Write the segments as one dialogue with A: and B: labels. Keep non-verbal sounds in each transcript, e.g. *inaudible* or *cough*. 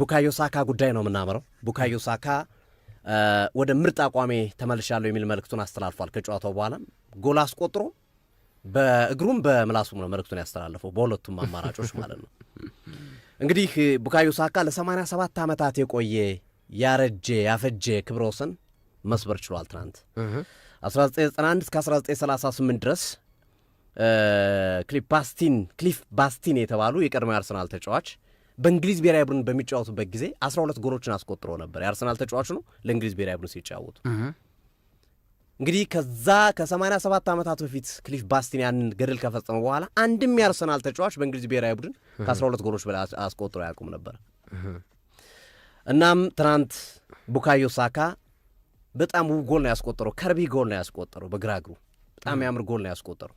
A: ቡካዮ ሳካ ጉዳይ ነው የምናምረው ቡካዮ ሳካ ወደ ምርጥ አቋሜ ተመልሻለሁ የሚል መልእክቱን አስተላልፏል። ከጨዋታው በኋላ ጎል አስቆጥሮ በእግሩም በምላሱም ነው መልእክቱን ያስተላለፈው፣ በሁለቱም አማራጮች ማለት ነው። እንግዲህ ቡካዮ ሳካ ለ ሰባት ዓመታት የቆየ ያረጀ ያፈጀ ክብረ ወሰን መስበር ችሏል። ትናንት 1991 እስከ 1938 ድረስ ክሊፍ ባስቲን ክሊፍ ባስቲን የተባሉ የቀድሞ አርሰናል ተጫዋች በእንግሊዝ ብሔራዊ ቡድን በሚጫወቱበት ጊዜ ሁለት ጎሎችን አስቆጥሮ ነበር። የአርሰናል ተጫዋች ነው ለእንግሊዝ ብሔራዊ ቡድን ሲጫወቱ። እንግዲህ ከዛ ከ ሰባት ዓመታት በፊት ክሊፍ ባስቲን ያንን ገድል ከፈጸመ በኋላ አንድም የአርሰናል ተጫዋች በእንግሊዝ ብሔራዊ ቡድን ከአስራ ሁለት ጎሎች በላይ አስቆጥሮ አያውቁም ነበር። እናም ትናንት ቡካዮ ሳካ በጣም ውብ ጎል ነው ያስቆጠረው። ከርቢ ጎል ነው ያስቆጠረው በግራ እግሩ በጣም ያምር ጎል ነው ያስቆጠረው።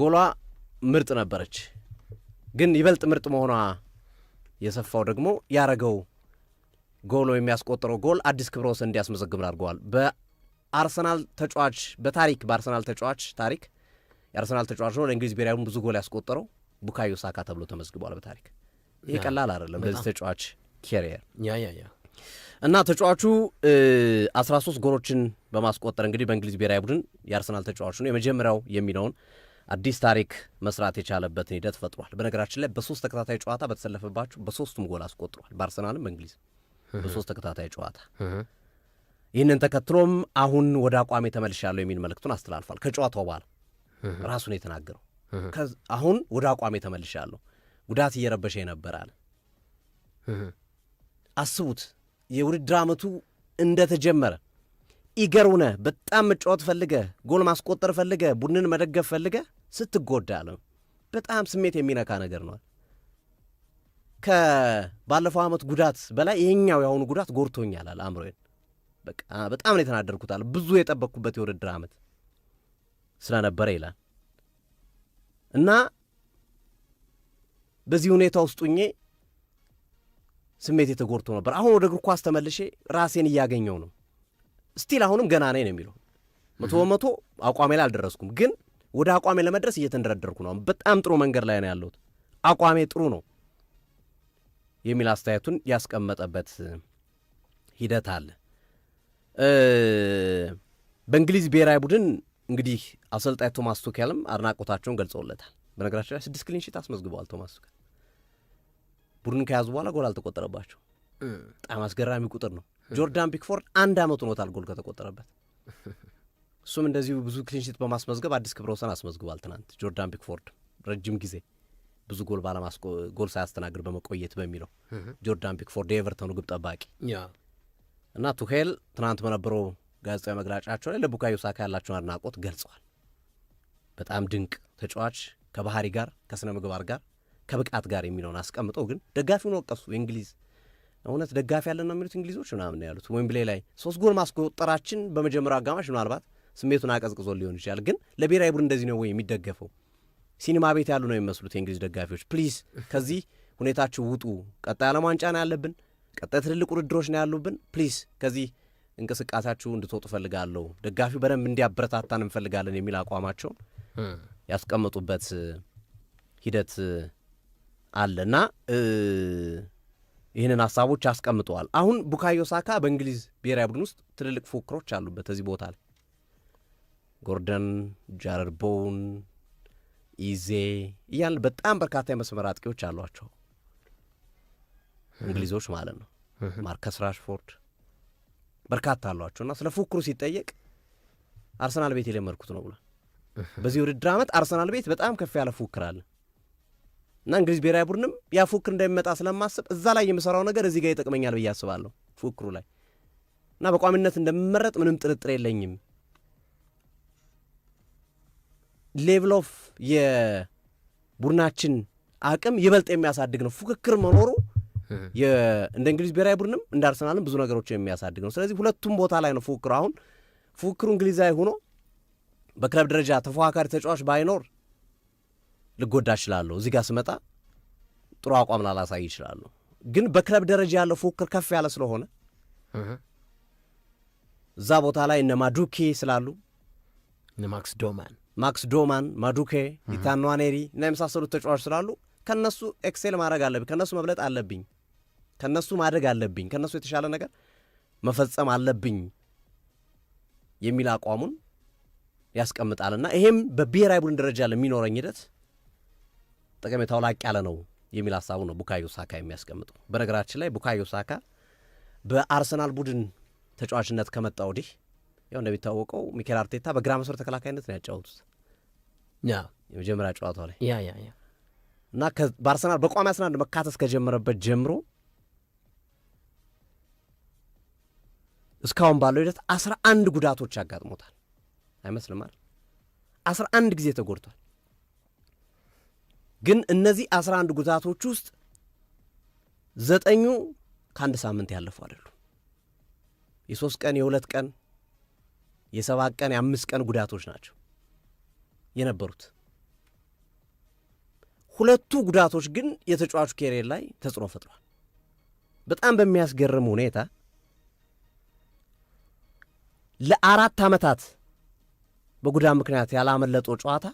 A: ጎሏ ምርጥ ነበረች። ግን ይበልጥ ምርጥ መሆኗ የሰፋው ደግሞ ያረገው ጎል ወይም ያስቆጠረው ጎል አዲስ ክብረ ወሰን እንዲያስመዘግብ አድርገዋል። በአርሰናል ተጫዋች በታሪክ በአርሰናል ተጫዋች ታሪክ የአርሰናል ተጫዋች ነው ለእንግሊዝ ብሔራዊ ብዙ ጎል ያስቆጠረው ቡካዮ ሳካ ተብሎ ተመዝግቧል በታሪክ። ይህ ቀላል አይደለም ለዚህ ተጫዋች ኬሪየር እና ተጫዋቹ 13 ጎሎችን በማስቆጠር እንግዲህ በእንግሊዝ ብሔራዊ ቡድን የአርሰናል ተጫዋቹ ነው የመጀመሪያው የሚለውን አዲስ ታሪክ መስራት የቻለበትን ሂደት ፈጥሯል። በነገራችን ላይ በሶስት ተከታታይ ጨዋታ በተሰለፈባቸው በሶስቱም ጎል አስቆጥሯል። በአርሰናልም በእንግሊዝ በሶስት ተከታታይ ጨዋታ። ይህንን ተከትሎም አሁን ወደ አቋሜ ተመልሻለሁ የሚል መልእክቱን አስተላልፏል። ከጨዋታው በኋላ ራሱን የተናገረው አሁን ወደ አቋሜ ተመልሻለሁ፣ ጉዳት እየረበሸ ነበር አለ። አስቡት የውድድር አመቱ እንደተጀመረ ኢገር ሁነ በጣም መጫወት ፈልገ ጎል ማስቆጠር ፈልገ ቡድንን መደገፍ ፈልገ ስትጎዳ ነው። በጣም ስሜት የሚነካ ነገር ነው። ከባለፈው ዓመት ጉዳት በላይ ይሄኛው የአሁኑ ጉዳት ጎድቶኛል አለ አእምሮዬን። በጣም ነው የተናደርኩት አለ። ብዙ የጠበቅኩበት የውድድር ዓመት ስለነበረ ይላል እና በዚህ ሁኔታ ውስጡ ሁኜ ስሜት የተጎድቶ ነበር። አሁን ወደ እግር ኳስ ተመልሼ ራሴን እያገኘው ነው። ስቲል አሁንም ገና ነኝ ነው የሚለው። መቶ በመቶ አቋሜ ላይ አልደረስኩም ግን ወደ አቋሜ ለመድረስ እየተንደረደርኩ ነው። በጣም ጥሩ መንገድ ላይ ነው ያለሁት፣ አቋሜ ጥሩ ነው የሚል አስተያየቱን ያስቀመጠበት ሂደት አለ። በእንግሊዝ ብሔራዊ ቡድን እንግዲህ አሰልጣኝ ቶማስ ቱኬልም አድናቆታቸውን ገልጸውለታል። በነገራቸው ላይ ስድስት ክሊንሺት አስመዝግበዋል ቶማስ ቱኬል። ቡድን ከያዙ በኋላ ጎል አልተቆጠረባቸው። በጣም አስገራሚ ቁጥር ነው። ጆርዳን ፒክፎርድ አንድ አመት ኖታል ጎል ከተቆጠረበት። እሱም እንደዚሁ ብዙ ክሊንሺት በማስመዝገብ አዲስ ክብረ ወሰን አስመዝግቧል። ትናንት ጆርዳን ፒክፎርድ ረጅም ጊዜ ብዙ ጎል ባለማስቆ ጎል ሳያስተናግድ በመቆየት በሚለው ጆርዳን ፒክፎርድ የኤቨርተኑ ግብ ጠባቂ እና ቱሄል ትናንት በነበረው ጋዜጣዊ መግለጫቸው ላይ ለቡካዮ ሳካ ያላቸውን አድናቆት ገልጸዋል። በጣም ድንቅ ተጫዋች ከባህሪ ጋር ከስነ ምግባር ጋር ከብቃት ጋር የሚለውን አስቀምጠው ግን ደጋፊውን ወቀሱ። የእንግሊዝ እውነት ደጋፊ ያለን ነው የሚሉት እንግሊዞች ምናምን ያሉት ዌምብሌይ ላይ ሶስት ጎል ማስቆጠራችን በመጀመሪያው አጋማሽ ምናልባት ስሜቱን አቀዝቅዞ ሊሆን ይችላል። ግን ለብሔራዊ ቡድን እንደዚህ ነው ወይ የሚደገፈው? ሲኒማ ቤት ያሉ ነው የሚመስሉት የእንግሊዝ ደጋፊዎች። ፕሊዝ ከዚህ ሁኔታችሁ ውጡ። ቀጣይ ዓለም ዋንጫ ነው ያለብን፣ ቀጣይ ትልልቅ ውድድሮች ነው ያሉብን። ፕሊዝ ከዚህ እንቅስቃሴያችሁ እንድትወጡ ፈልጋለሁ ደጋፊው በደንብ እንዲያበረታታን እንፈልጋለን የሚል አቋማቸውን ያስቀመጡበት ሂደት አለ እና ይህንን ሀሳቦች አስቀምጠዋል። አሁን ቡካዮ ሳካ በእንግሊዝ ብሔራዊ ቡድን ውስጥ ትልልቅ ፉክክሮች አሉበት እዚህ ቦታ ላይ ጎርደን፣ ጃረድ ቦውን፣ ኢዜ እያን በጣም በርካታ የመስመር አጥቂዎች አሏቸው እንግሊዞች ማለት ነው። ማርከስ ራሽፎርድ በርካታ አሏቸው እና ስለ ፉክሩ ሲጠየቅ አርሰናል ቤት የለመድኩት ነው ብሏል። በዚህ ውድድር ዓመት አርሰናል ቤት በጣም ከፍ ያለ ፉክር አለ እና እንግሊዝ ብሔራዊ ቡድንም ያ ፉክር እንደሚመጣ ስለማስብ እዛ ላይ የምሰራው ነገር እዚህ ጋር ይጠቅመኛል ብዬ አስባለሁ። ፉክሩ ላይ እና በቋሚነት እንደምመረጥ ምንም ጥርጥር የለኝም ሌቭል ኦፍ የቡድናችን አቅም ይበልጥ የሚያሳድግ ነው። ፉክክር መኖሩ እንደ እንግሊዝ ብሔራዊ ቡድንም እንደ አርሰናልም ብዙ ነገሮች የሚያሳድግ ነው። ስለዚህ ሁለቱም ቦታ ላይ ነው ፉክክሩ። አሁን ፉክክሩ እንግሊዛዊ ሆኖ በክለብ ደረጃ ተፎካካሪ ተጫዋች ባይኖር ልጎዳ እችላለሁ፣ እዚህ ጋር ስመጣ ጥሩ አቋም ላላሳይ እችላለሁ። ግን በክለብ ደረጃ ያለው ፉክክር ከፍ ያለ ስለሆነ እዛ ቦታ ላይ እነ ማዱኬ ስላሉ
B: ማክስ ዶማን
A: ማክስ ዶማን፣ ማዱኬ፣ ኗኔሪ እና የመሳሰሉት ተጫዋች ስላሉ ከነሱ ኤክሴል ማድረግ አለብኝ፣ ከነሱ መብለጥ አለብኝ፣ ከነሱ ማደግ አለብኝ፣ ከነሱ የተሻለ ነገር መፈጸም አለብኝ የሚል አቋሙን ያስቀምጣልና ይሄም በብሔራዊ ቡድን ደረጃ ለሚኖረኝ ሂደት ጠቀሜታው ላቅ ያለ ነው የሚል ሀሳቡ ነው ቡካዮ ሳካ የሚያስቀምጠው። በነገራችን ላይ ቡካዮ ሳካ በአርሰናል ቡድን ተጫዋችነት ከመጣ ወዲህ ያው እንደሚታወቀው ሚኬል አርቴታ በግራ መስመር ተከላካይነት ነው ያጫወቱት የመጀመሪያ ጨዋታ ላይ እና በአርሰናል በቋሚ አስናንድ መካተት ከጀመረበት ጀምሮ እስካሁን ባለው ሂደት አስራ አንድ ጉዳቶች ያጋጥሞታል። አይመስልም አይደል? አስራ አንድ ጊዜ ተጎድቷል። ግን እነዚህ አስራ አንድ ጉዳቶች ውስጥ ዘጠኙ ከአንድ ሳምንት ያለፉ አይደሉም። የሶስት ቀን የሁለት ቀን የሰባት ቀን የአምስት ቀን ጉዳቶች ናቸው የነበሩት። ሁለቱ ጉዳቶች ግን የተጫዋቹ ኬሪየር ላይ ተጽዕኖ ፈጥሯል። በጣም በሚያስገርም ሁኔታ ለአራት ዓመታት በጉዳት ምክንያት ያላመለጠው ጨዋታ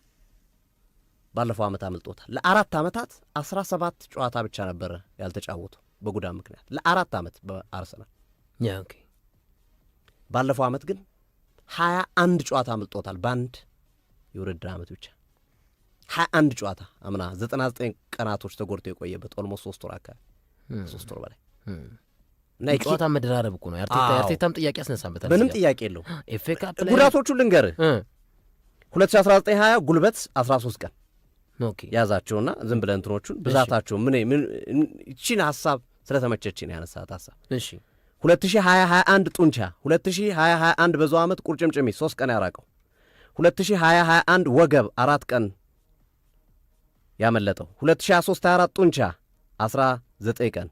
A: ባለፈው ዓመት አመልጦታል። ለአራት ዓመታት አስራ ሰባት ጨዋታ ብቻ ነበረ ያልተጫወቱ በጉዳት ምክንያት ለአራት ዓመት በአርሰናል ባለፈው ዓመት ግን ሀያ አንድ ጨዋታ አምልጦታል በአንድ የውድድር ዓመት ብቻ ሀያ አንድ ጨዋታ አምና ዘጠና ዘጠኝ ቀናቶች ተጎድቶ የቆየበት ኦልሞስት ሶስት ወር አካባቢ ሶስት ወር በላይ እና የጨዋታ መደራረብ እኮ ነው። አርቴታም ጥያቄ ያስነሳበታል።
B: ምንም ጥያቄ የለው።
A: ጉዳቶቹ ልንገር፣ ሁለት ልንገርህ 2019 ሀያ ጉልበት አስራ ሶስት ቀን ያዛቸውና ዝም ብለህ እንትኖቹን ብዛታቸው ምን ምን እቺን ሀሳብ ነው ያነሳት ሀሳብ እሺ 2021 ጡንቻ 2021 በዙ ዓመት ቁርጭምጭሚ 3 ቀን ያራቀው 2021 ወገብ አራት ቀን ያመለጠው 2023 ጡንቻ 19 ቀን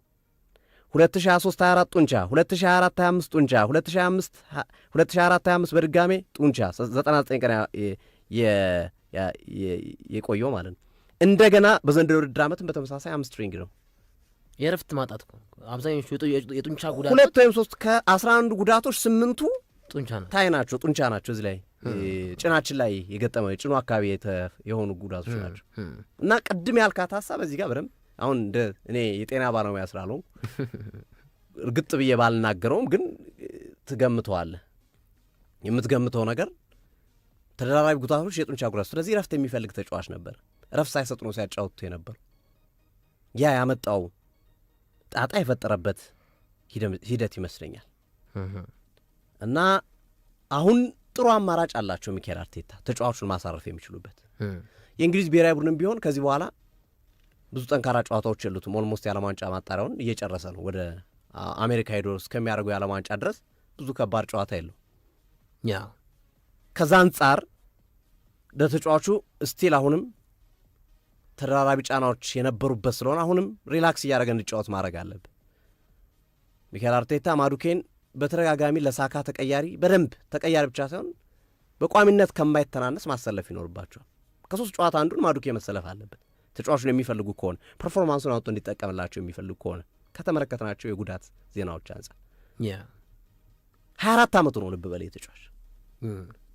A: 2023/24 ጡንቻ 2024/25 ጡንቻ 2024/25 በድጋሜ ጡንቻ 99 ቀን የቆየው ማለት ነው። እንደገና በዘንድሮ ውድድር ዓመትም በተመሳሳይ ትሪንግ ነው። የእረፍት ማጣት እኮ አብዛኞቹ የጡንቻ ጉዳት ሁለት ወይም ሶስት ከአስራ አንዱ ጉዳቶች ስምንቱ ጡንቻ ታይ ናቸው ጡንቻ ናቸው። እዚህ ላይ ጭናችን ላይ የገጠመው የጭኑ አካባቢ የሆኑ ጉዳቶች ናቸው እና ቅድም ያልካት ሀሳብ እዚህ ጋር በደምብ አሁን እንደ እኔ የጤና ባለሙያ ስላልሆንኩ *laughs* እርግጥ ብዬ ባልናገረውም ግን ትገምተዋለህ። የምትገምተው ነገር ተደራራቢ ጉዳቶች የጡንቻ ጉዳት፣ ስለዚህ እረፍት የሚፈልግ ተጫዋች ነበር። እረፍት ሳይሰጥ ነው ሲያጫውቱ የነበሩ ያ ያመጣው ጣጣ የፈጠረበት ሂደት ይመስለኛል እና አሁን ጥሩ አማራጭ አላቸው ሚካኤል አርቴታ ተጫዋቹን ማሳረፍ የሚችሉበት። የእንግሊዝ ብሔራዊ ቡድንም ቢሆን ከዚህ በኋላ ብዙ ጠንካራ ጨዋታዎች የሉትም። ኦልሞስት የዓለም ዋንጫ ማጣሪያውን እየጨረሰ ነው። ወደ አሜሪካ ሄዶ እስከሚያደርጉ የዓለም ዋንጫ ድረስ ብዙ ከባድ ጨዋታ የለው። ከዛ አንጻር ለተጫዋቹ ስቲል አሁንም ተደራራቢ ጫናዎች የነበሩበት ስለሆነ አሁንም ሪላክስ እያደረገ እንዲጫወት ማድረግ አለብ። ሚካኤል አርቴታ ማዱኬን በተደጋጋሚ ለሳካ ተቀያሪ በደንብ ተቀያሪ ብቻ ሳይሆን በቋሚነት ከማይተናነስ ማሰለፍ ይኖርባቸዋል። ከሶስት ጨዋታ አንዱን ማዱኬ መሰለፍ አለበት። ተጫዋቹን የሚፈልጉ ከሆነ ፐርፎርማንሱን አውጥቶ እንዲጠቀምላቸው የሚፈልጉ ከሆነ ከተመለከትናቸው የጉዳት ዜናዎች አንጻር ሀያ አራት ዓመቱ ነው። ልብ በላይ ተጫዋች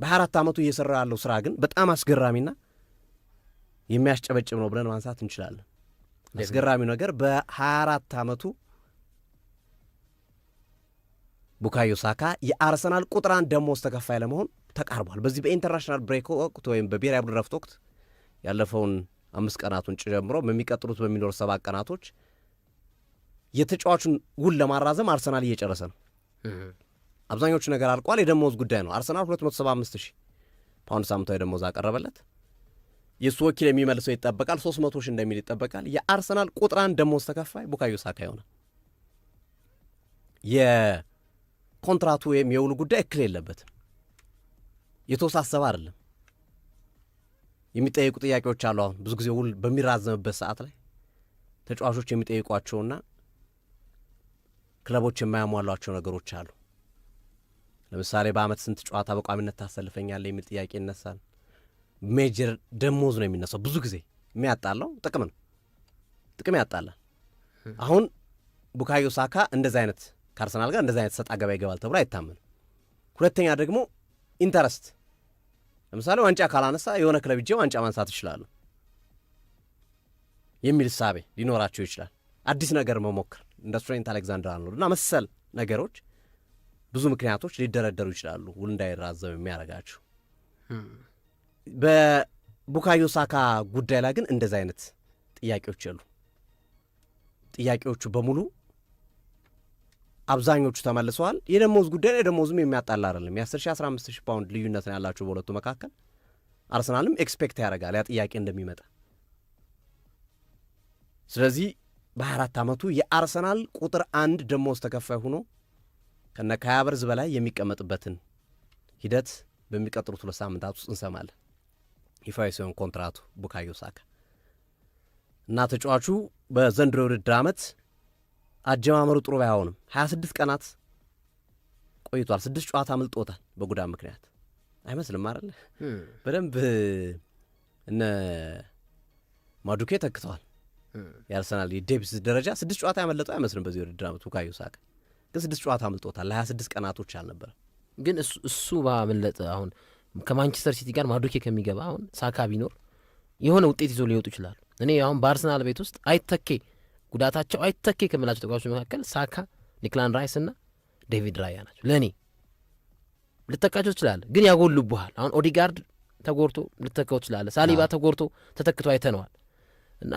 A: በሀያ አራት ዓመቱ እየሰራ ያለው ስራ ግን በጣም አስገራሚና የሚያስጨበጭብ ነው ብለን ማንሳት እንችላለን። አስገራሚው ነገር በ24 ዓመቱ ቡካዮ ሳካ የአርሰናል ቁጥር አንድ ደሞዝ ተከፋይ ለመሆን ተቃርቧል። በዚህ በኢንተርናሽናል ብሬክ ወቅት ወይም በብሔራዊ ቡድን ረፍት ወቅት ያለፈውን አምስት ቀናቱን ጨምሮ በሚቀጥሉት በሚኖሩ ሰባት ቀናቶች የተጫዋቹን ውል ለማራዘም አርሰናል እየጨረሰ ነው። አብዛኞቹ ነገር አልቋል። የደሞዝ ጉዳይ ነው። አርሰናል 275 ሺህ ፓውንድ ሳምንታዊ ደሞዝ አቀረበለት። የእሱ ወኪል የሚመልሰው ይጠበቃል። ሶስት መቶ ሺህ እንደሚል ይጠበቃል። የአርሰናል ቁጥር አንድ ደሞዝ ተከፋይ ቡካዮ ሳካ ይሆናል። የኮንትራቱ ወይም የውሉ ጉዳይ እክል የለበትም። የተወሳሰበ አይደለም። የሚጠየቁ ጥያቄዎች አሉ። አሁን ብዙ ጊዜ ውል በሚራዘምበት ሰዓት ላይ ተጫዋቾች የሚጠይቋቸውና ክለቦች የማያሟሏቸው ነገሮች አሉ። ለምሳሌ በአመት ስንት ጨዋታ በቋሚነት ታሰልፈኛለህ የሚል ጥያቄ ይነሳል። ሜጀር ደሞዝ ነው የሚነሳው። ብዙ ጊዜ የሚያጣለው ጥቅም ነው፣ ጥቅም ያጣላል። አሁን ቡካዮ ሳካ እንደዚ አይነት ከአርሰናል ጋር እንደዚ አይነት ሰጣ ገባ ይገባል ተብሎ አይታመንም። ሁለተኛ ደግሞ ኢንተረስት፣ ለምሳሌ ዋንጫ ካላነሳ የሆነ ክለብ እጄ ዋንጫ ማንሳት ይችላሉ የሚል እሳቤ ሊኖራቸው ይችላል። አዲስ ነገር መሞክር እንደ ትሬንት አሌክዛንደር አርኖልድ እና መሰል ነገሮች ብዙ ምክንያቶች ሊደረደሩ ይችላሉ ውል እንዳይራዘም የሚያደርጋቸው በቡካዮ ሳካ ጉዳይ ላይ ግን እንደዚ አይነት ጥያቄዎች የሉ። ጥያቄዎቹ በሙሉ አብዛኞቹ ተመልሰዋል። የደሞዝ ጉዳይ ላይ ደሞዝም የሚያጣላ አይደለም። የ10 ሺህ 15 ሺህ ፓውንድ ልዩነት ነው ያላቸው በሁለቱ መካከል። አርሰናልም ኤክስፔክት ያደርጋል ያ ጥያቄ እንደሚመጣ። ስለዚህ በ24 ዓመቱ የአርሰናል ቁጥር አንድ ደሞዝ ተከፋይ ሆኖ ከነ ከሀያ ብርዝ በላይ የሚቀመጥበትን ሂደት በሚቀጥሉት ሁለት ሳምንታት ውስጥ እንሰማለን። ይፋ ሲሆን ኮንትራቱ ቡካዮ ሳካ እና ተጫዋቹ በዘንድሮ የውድድር ዓመት አጀማመሩ ጥሩ ባይሆንም 26 ቀናት ቆይቷል። ስድስት ጨዋታ አምልጦታል በጉዳት ምክንያት አይመስልም አይደል? በደንብ እነ ማዱኬ ተክተዋል። ያርሰናል የዴቪስ ደረጃ ስድስት ጨዋታ ያመለጠው አይመስልም በዚህ ውድድር ዓመት ቡካዮ ሳካ ግን ስድስት ጨዋታ አምልጦታል። ለ26 ቀናቶች አልነበረም ግን እሱ ባመለጠ አሁን ከማንቸስተር ሲቲ ጋር ማዶኬ ከሚገባ አሁን ሳካ ቢኖር የሆነ ውጤት ይዞ ሊወጡ ይችላል። እኔ አሁን በአርሰናል ቤት ውስጥ አይተኬ ጉዳታቸው አይተኬ ከምላቸው ተጫዋቾች መካከል ሳካ፣ ኒክላን ራይስ እና ዴቪድ ራያ ናቸው። ለእኔ ልተካቸው ትችላለህ፣ ግን ያጎሉብሃል። አሁን ኦዲጋርድ ተጎርቶ ልተካው ትችላለህ። ሳሊባ ተጎርቶ ተተክቶ አይተነዋል እና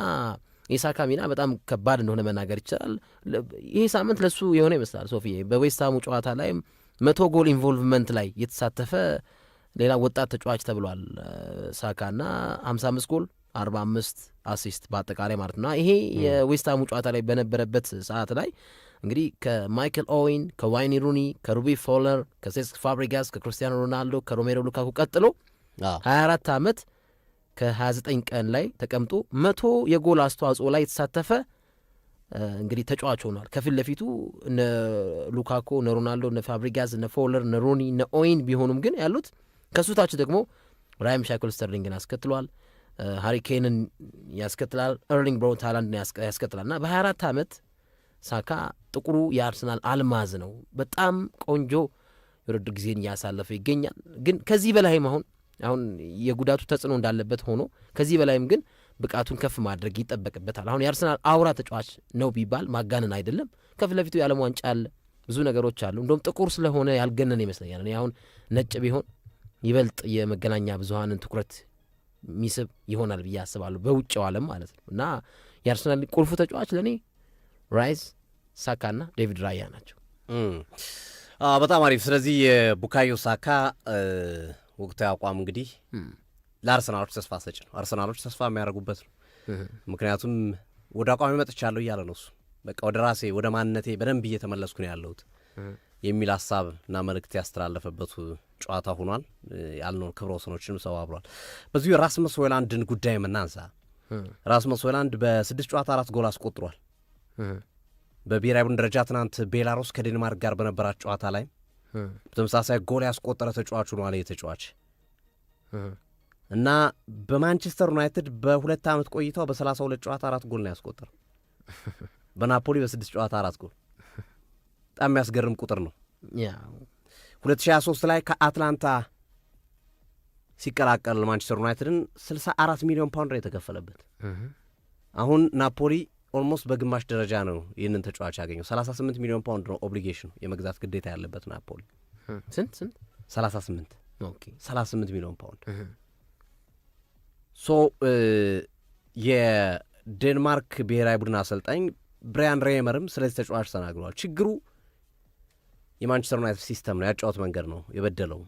A: የሳካ ሚና በጣም ከባድ እንደሆነ መናገር ይቻላል። ይሄ ሳምንት ለሱ የሆነ ይመስላል። ሶፊ በዌስታሙ ጨዋታ ላይ መቶ ጎል ኢንቮልቭመንት ላይ የተሳተፈ ሌላ ወጣት ተጫዋች ተብሏል ሳካ ና ሀምሳ አምስት ጎል አርባ አምስት አሲስት በአጠቃላይ ማለት ነው። ይሄ የዌስትሃሙ ጨዋታ ላይ በነበረበት ሰዓት ላይ እንግዲህ ከማይክል ኦዌን፣ ከዋይኒ ሩኒ፣ ከሩቢ ፎለር፣ ከሴስክ ፋብሪጋስ፣ ከክርስቲያኖ ሮናልዶ፣ ከሮሜሮ ሉካኩ ቀጥሎ 24 ዓመት ከ29 ቀን ላይ ተቀምጦ መቶ የጎል አስተዋጽኦ ላይ የተሳተፈ እንግዲህ ተጫዋች ሆኗል። ከፊት ለፊቱ እነ ሉካኮ፣ እነ ሮናልዶ፣ እነ ፋብሪጋዝ፣ እነ ፎለር፣ እነ ሮኒ፣ እነ ኦዌን ቢሆኑም ግን ያሉት ከሱ ታች ደግሞ ራይም ሻክል ስተርሊንግን አስከትሏል። ሃሪኬንን ያስከትላል። ኤርሊንግ ብራውት ሃላንድን ያስከትላል ና በ24 ዓመት ሳካ ጥቁሩ የአርሰናል አልማዝ ነው። በጣም ቆንጆ የውድድር ጊዜን እያሳለፈ ይገኛል። ግን ከዚህ በላይም አሁን አሁን የጉዳቱ ተጽዕኖ እንዳለበት ሆኖ ከዚህ በላይም ግን ብቃቱን ከፍ ማድረግ ይጠበቅበታል። አሁን የአርሰናል አውራ ተጫዋች ነው ቢባል ማጋነን አይደለም። ከፊት ለፊቱ የዓለም ዋንጫ አለ፣ ብዙ ነገሮች አሉ። እንደውም ጥቁር ስለሆነ ያልገነን ይመስለኛል። እኔ አሁን ነጭ ቢሆን ይበልጥ የመገናኛ ብዙሀንን ትኩረት የሚስብ ይሆናል ብዬ አስባለሁ፣ በውጭው ዓለም ማለት ነው። እና የአርሰናል ቁልፉ ተጫዋች ለእኔ ራይስ፣ ሳካና ዴቪድ ራያ ናቸው። በጣም አሪፍ። ስለዚህ የቡካዮ ሳካ ወቅታዊ አቋም እንግዲህ ለአርሰናሎች ተስፋ ሰጭ ነው። አርሰናሎች ተስፋ የሚያደርጉበት ነው። ምክንያቱም ወደ አቋሚ መጥቻለሁ እያለ ነው እሱ። በቃ ወደ ራሴ ወደ ማንነቴ በደንብ እየተመለስኩ ነው ያለሁት የሚል ሀሳብ እና መልእክት ያስተላለፈበት ጨዋታ ሆኗል። ያልነውን ክብረ ወሰኖችንም ሰባብሯል። በዚሁ የራስመስ ሆይላንድን ጉዳይ የምናንሳ ራስመስ ሆይላንድ በስድስት ጨዋታ አራት ጎል አስቆጥሯል። በብሔራዊ ቡድን ደረጃ ትናንት ቤላሩስ ከዴንማርክ ጋር በነበራት ጨዋታ ላይ በተመሳሳይ ጎል ያስቆጠረ ተጫዋች ሆኗል። የተጫዋች እና በማንቸስተር ዩናይትድ በሁለት ዓመት ቆይታው በሰላሳ ሁለት ጨዋታ አራት ጎል ነው ያስቆጠረ። በናፖሊ በስድስት ጨዋታ አራት ጎል በጣም የሚያስገርም ቁጥር ነው። 2023 ላይ ከአትላንታ ሲቀላቀል ማንቸስተር ዩናይትድን 64 ሚሊዮን ፓውንድ የተከፈለበት አሁን ናፖሊ ኦልሞስት በግማሽ ደረጃ ነው ይህንን ተጫዋች ያገኘው። 38 ሚሊዮን ፓውንድ ነው ኦብሊጌሽኑ የመግዛት ግዴታ ያለበት ናፖሊ። ስንት ስንት? 38 38 ሚሊዮን ፓውንድ። ሶ የዴንማርክ ብሔራዊ ቡድን አሰልጣኝ ብሪያን ሬመርም ስለዚህ ተጫዋች ተናግረዋል። ችግሩ የማንቸስተር ዩናይትድ ሲስተም ነው ያጫወት መንገድ ነው የበደለው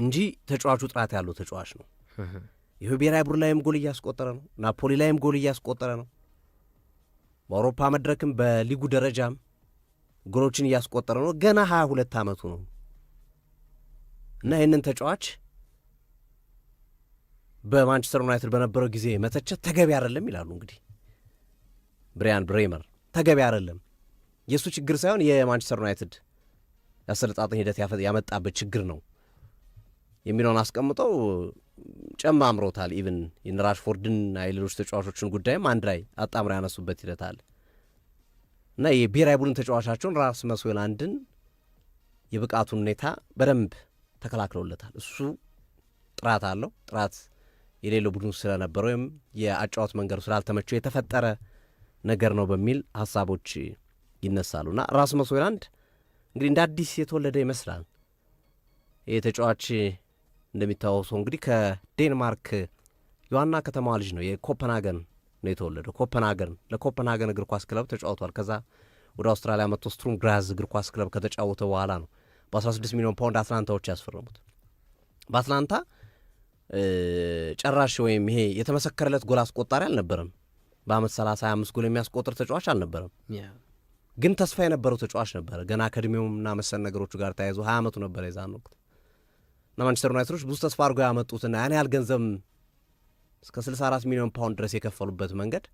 A: እንጂ ተጫዋቹ ጥራት ያለው ተጫዋች ነው። ይህ ብሔራዊ ቡድን ላይም ጎል እያስቆጠረ ነው። ናፖሊ ላይም ጎል እያስቆጠረ ነው። በአውሮፓ መድረክም በሊጉ ደረጃም ጎሎችን እያስቆጠረ ነው። ገና ሀያ ሁለት ዓመቱ ነው እና ይህንን ተጫዋች በማንቸስተር ዩናይትድ በነበረው ጊዜ መተቸት ተገቢ አይደለም ይላሉ። እንግዲህ ብሪያን ብሬመር ተገቢ አይደለም የእሱ ችግር ሳይሆን የማንቸስተር ዩናይትድ የአሰለጣጠን ሂደት ያመጣበት ችግር ነው የሚለውን አስቀምጠው ጨማምሮታል። ኢቭን ራሽፎርድንና የሌሎች ተጫዋቾችን ጉዳይም አንድ ላይ አጣምሮ ያነሱበት ሂደት አለ እና የብሔራዊ ቡድን ተጫዋቻቸውን ራስ መስዌላንድን የብቃቱን ሁኔታ በደንብ ተከላክለውለታል። እሱ ጥራት አለው። ጥራት የሌለው ቡድን ስለነበረ ወይም የአጫዋት መንገዱ ስላልተመቸው የተፈጠረ ነገር ነው በሚል ሀሳቦች ይነሳሉና ራስመስ ሆይሉንድ እንግዲህ እንደ አዲስ የተወለደ ይመስላል። ይህ ተጫዋች እንደሚታወሰው እንግዲህ ከዴንማርክ የዋና ከተማዋ ልጅ ነው። የኮፐንሃገን ነው የተወለደው። ኮፐንሃገን ለኮፐንሃገን እግር ኳስ ክለብ ተጫውቷል። ከዛ ወደ አውስትራሊያ መጥቶ ስትሩም ግራዝ እግር ኳስ ክለብ ከተጫወተ በኋላ ነው በ16 ሚሊዮን ፓውንድ አትላንታዎች ያስፈረሙት። በአትላንታ ጨራሽ ወይም ይሄ የተመሰከረለት ጎል አስቆጣሪ አልነበረም። በአመት 35 ጎል የሚያስቆጥር ተጫዋች አልነበረም። ግን ተስፋ የነበረው ተጫዋች ነበረ። ገና ከእድሜውና መሰል ነገሮቹ ጋር ተያይዞ ሀያ ዓመቱ ነበረ የዛን ወቅት እና ማንቸስተር ዩናይትዶች ብዙ ተስፋ አድርጎ ያመጡትና ያን ያህል ገንዘብ እስከ 64 ሚሊዮን ፓውንድ ድረስ የከፈሉበት መንገድ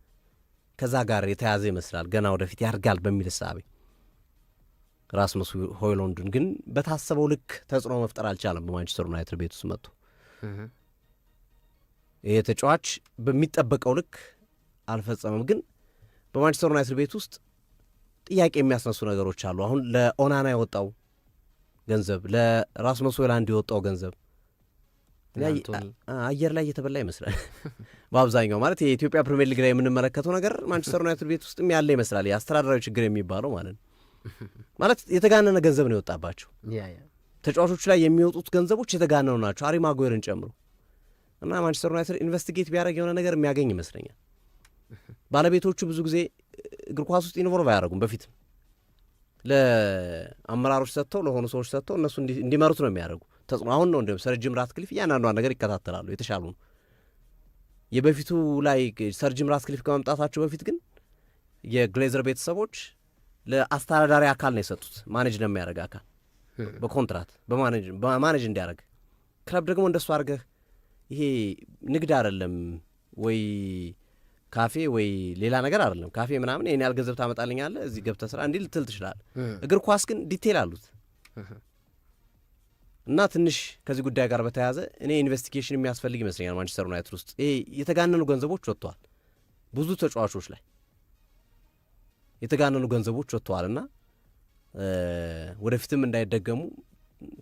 A: ከዛ ጋር የተያዘ ይመስላል። ገና ወደፊት ያድጋል በሚል እሳቤ ራስመስ ሆይሉንድን ግን በታሰበው ልክ ተጽዕኖ መፍጠር አልቻለም። በማንቸስተር ዩናይትድ ቤት ውስጥ መጥቶ ይህ ተጫዋች በሚጠበቀው ልክ አልፈጸመም። ግን በማንቸስተር ዩናይትድ ቤት ውስጥ ጥያቄ የሚያስነሱ ነገሮች አሉ። አሁን ለኦናና የወጣው ገንዘብ ለራስመስ ሆይሉንድ የወጣው ገንዘብ አየር ላይ እየተበላ ይመስላል *laughs* በአብዛኛው ማለት የኢትዮጵያ ፕሪሚየር ሊግ ላይ የምንመለከተው ነገር ማንቸስተር ዩናይትድ ቤት ውስጥም ያለ ይመስላል የአስተዳደራዊ ችግር የሚባለው ማለት ነው። *laughs* ማለት የተጋነነ ገንዘብ ነው የወጣባቸው ተጫዋቾች ላይ የሚወጡት ገንዘቦች የተጋነኑ ናቸው፣ አሪ ማጓየርን ጨምሮ እና ማንቸስተር ዩናይትድ ኢንቨስቲጌት ቢያደርግ የሆነ ነገር የሚያገኝ ይመስለኛል። *laughs* ባለቤቶቹ ብዙ ጊዜ እግር ኳስ ውስጥ ኢንቮልቭ አያደርጉም። በፊት ለአመራሮች ሰጥተው ለሆኑ ሰዎች ሰጥተው እነሱ እንዲመሩት ነው የሚያደርጉ ተጽዕኖ አሁን ነው። እንዲሁም ሰር ጂም ራትክሊፍ እያንዳንዷን ነገር ይከታተላሉ። የተሻሉ ነው። የበፊቱ ላይ ሰር ጂም ራትክሊፍ ከመምጣታቸው በፊት ግን የግሌዘር ቤተሰቦች ለአስተዳዳሪ አካል ነው የሰጡት። ማኔጅ ለሚያደርግ አካል በኮንትራት በማኔጅ እንዲያደርግ ክለብ ደግሞ እንደሱ አድርገህ ይሄ ንግድ አይደለም ወይ ካፌ ወይ ሌላ ነገር አይደለም። ካፌ ምናምን ይህን ያህል ገንዘብ ታመጣልኛለህ እዚህ ገብተ ስራ እንዲህ ልትል ትችላል። እግር ኳስ ግን ዲቴል አሉት እና ትንሽ ከዚህ ጉዳይ ጋር በተያያዘ እኔ ኢንቨስቲጌሽን የሚያስፈልግ ይመስለኛል። ማንቸስተር ዩናይትድ ውስጥ ይሄ የተጋነኑ ገንዘቦች ወጥተዋል፣ ብዙ ተጫዋቾች ላይ የተጋነኑ ገንዘቦች ወጥተዋል እና ወደፊትም እንዳይደገሙ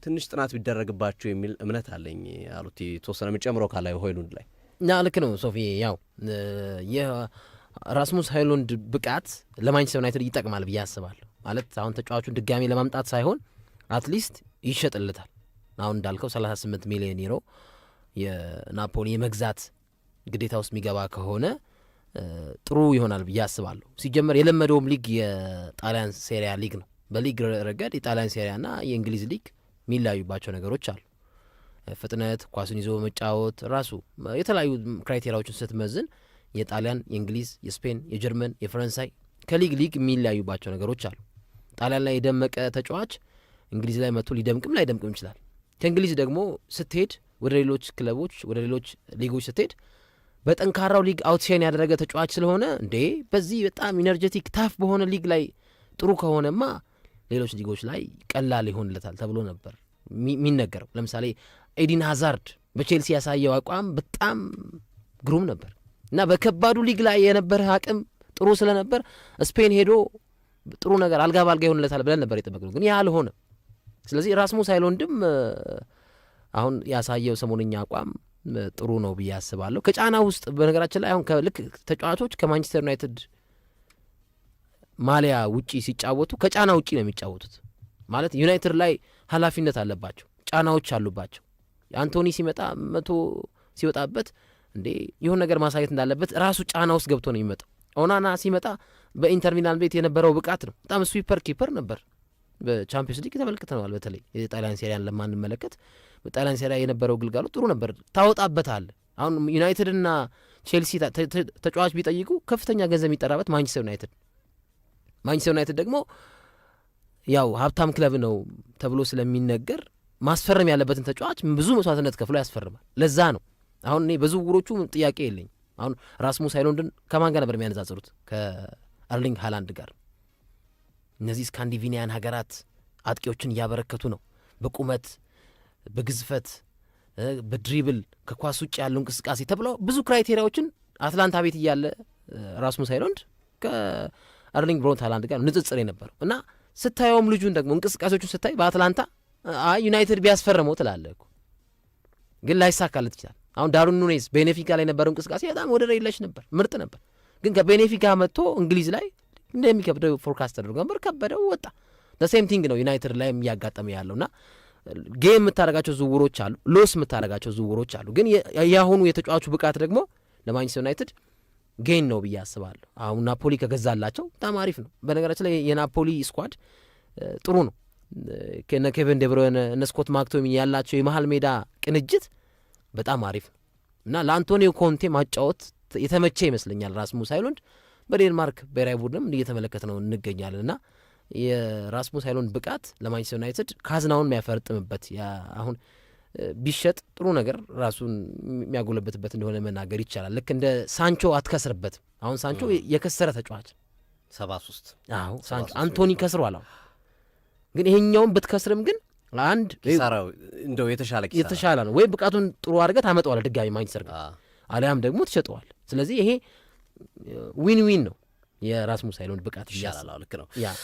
A: ትንሽ ጥናት ቢደረግባቸው የሚል እምነት አለኝ አሉት። የተወሰነ የምጨምረው ካላይ ሆይሉንድ ላይ ና ልክ ነው ሶፊ። ያው የራስሙስ ሀይሎንድ ብቃት ለማንቸስተር ዩናይትድ ይጠቅማል ብዬ አስባለሁ። ማለት አሁን ተጫዋቹን ድጋሚ ለማምጣት ሳይሆን አትሊስት ይሸጥልታል። አሁን እንዳልከው 38 ሚሊዮን ዩሮ የናፖሊ የመግዛት ግዴታ ውስጥ የሚገባ ከሆነ ጥሩ ይሆናል ብዬ አስባለሁ። ሲጀመር የለመደውም ሊግ የጣሊያን ሴሪያ ሊግ ነው። በሊግ ረገድ የጣሊያን ሴሪያና የእንግሊዝ ሊግ የሚለያዩባቸው ነገሮች አሉ። ፍጥነት፣ ኳሱን ይዞ በመጫወት ራሱ የተለያዩ ክራይቴሪያዎችን ስትመዝን የጣሊያን፣ የእንግሊዝ፣ የስፔን፣ የጀርመን፣ የፈረንሳይ ከሊግ ሊግ የሚለያዩባቸው ነገሮች አሉ። ጣሊያን ላይ የደመቀ ተጫዋች እንግሊዝ ላይ መጥቶ ሊደምቅም ላይደምቅም ይችላል። ከእንግሊዝ ደግሞ ስትሄድ ወደ ሌሎች ክለቦች ወደ ሌሎች ሊጎች ስትሄድ በጠንካራው ሊግ አውትሻይን ያደረገ ተጫዋች ስለሆነ እንዴ በዚህ በጣም ኢነርጀቲክ ታፍ በሆነ ሊግ ላይ ጥሩ ከሆነማ ሌሎች ሊጎች ላይ ቀላል ይሆንለታል ተብሎ ነበር የሚነገረው። ለምሳሌ ኤዲን ሀዛርድ በቼልሲ ያሳየው አቋም በጣም ግሩም ነበር እና በከባዱ ሊግ ላይ የነበረ አቅም ጥሩ ስለነበር ስፔን ሄዶ ጥሩ ነገር አልጋ ባልጋ ይሆንለታል ብለን ነበር የጠበቅነው፣ ግን ያ አልሆነም። ስለዚህ ራስሙስ ሆይሉንድም አሁን ያሳየው ሰሞንኛ አቋም ጥሩ ነው ብዬ አስባለሁ። ከጫና ውስጥ በነገራችን ላይ አሁን ልክ ተጫዋቾች ከማንቸስተር ዩናይትድ ማሊያ ውጪ ሲጫወቱ ከጫና ውጪ ነው የሚጫወቱት። ማለት ዩናይትድ ላይ ኃላፊነት አለባቸው፣ ጫናዎች አሉባቸው። አንቶኒ ሲመጣ መቶ ሲወጣበት እንዴ የሆነ ነገር ማሳየት እንዳለበት ራሱ ጫና ውስጥ ገብቶ ነው የሚመጣው። ኦናና ሲመጣ በኢንተር ሚላን ቤት የነበረው ብቃት ነው። በጣም ስዊፐር ኪፐር ነበር። በቻምፒዮንስ ሊግ ተመልክተነዋል። በተለይ የጣሊያን ሴሪያን ለማንመለከት በጣሊያን ሴሪያ የነበረው ግልጋሎት ጥሩ ነበር። ታወጣበታል። አሁን ዩናይትድና ቼልሲ ተጫዋች ቢጠይቁ ከፍተኛ ገንዘብ የሚጠራበት ማንቸስተር ዩናይትድ ማንቸስተር ዩናይትድ ደግሞ ያው ሀብታም ክለብ ነው ተብሎ ስለሚነገር ማስፈረም ያለበትን ተጫዋች ብዙ መስዋዕትነት ከፍሎ ያስፈርማል። ለዛ ነው አሁን እኔ በዝውውሮቹ ጥያቄ የለኝ። አሁን ራስሙስ ሃይላንድን ከማን ጋር ነበር የሚያነጻጽሩት? ከአርሊንግ ሃላንድ ጋር። እነዚህ ስካንዲቪኒያን ሀገራት አጥቂዎችን እያበረከቱ ነው። በቁመት በግዝፈት በድሪብል ከኳስ ውጭ ያለው እንቅስቃሴ ተብለው ብዙ ክራይቴሪያዎችን አትላንታ ቤት እያለ ራስሙስ ሃይላንድ ከአርሊንግ ብሮንት ሃላንድ ጋር ንጽጽር የነበረው እና ስታየውም ልጁን ደግሞ እንቅስቃሴዎቹን ስታይ በአትላንታ ዩናይትድ ቢያስፈርመው ትላለህ እኮ ግን ላይሳካለት ይችላል። አሁን ዳርዊን ኑኔዝ ቤኔፊካ ላይ ነበረው እንቅስቃሴ በጣም ወደር የለሽ ነበር፣ ምርጥ ነበር። ግን ከቤኔፊካ መጥቶ እንግሊዝ ላይ እንደሚከብደው ፎርካስት ተደርጎ ነበር፣ ከበደው፣ ወጣ። ሴም ቲንግ ነው ዩናይትድ ላይ እያጋጠመ ያለውና ጌም የምታደርጋቸው ዝውሮች አሉ፣ ሎስ የምታደርጋቸው ዝውሮች አሉ። ግን የአሁኑ የተጫዋቹ ብቃት ደግሞ ለማንቸስተር ዩናይትድ ጌን ነው ብዬ አስባለሁ። አሁን ናፖሊ ከገዛላቸው በጣም አሪፍ ነው። በነገራችን ላይ የናፖሊ ስኳድ ጥሩ ነው። ከነ ኬቨን ደብሮነ እነ ስኮት ማክቶሚኒ ያላቸው የመሀል ሜዳ ቅንጅት በጣም አሪፍ ነው እና ለአንቶኒዮ ኮንቴ ማጫወት የተመቸ ይመስለኛል ራስሙስ ሃይሉንድ። በዴንማርክ ብሔራዊ ቡድንም እየተመለከት ነው እንገኛለን እና የራስሙስ ሃይሉንድ ብቃት ለማንቸስተር ዩናይትድ ካዝናውን የሚያፈርጥምበት አሁን ቢሸጥ ጥሩ ነገር ራሱን የሚያጎለበትበት እንደሆነ መናገር ይቻላል። ልክ እንደ ሳንቾ አትከስርበትም። አሁን ሳንቾ የከሰረ ተጫዋች ሰባ ሶስት አዎ ሳንቾ አንቶኒ ከስሯል አሁን ግን ይሄኛውን ብትከስርም ግን አንድ እንደው የተሻለ የተሻለ ነው ወይ ብቃቱን ጥሩ አድርገህ ታመጣዋለህ ድጋሚ ማንቸስተር ግን አሊያም ደግሞ ትሸጠዋል። ስለዚህ ይሄ ዊን ዊን ነው። የራስሙስ ሆይሉንድ ብቃት ይሻላል። ልክ ነው።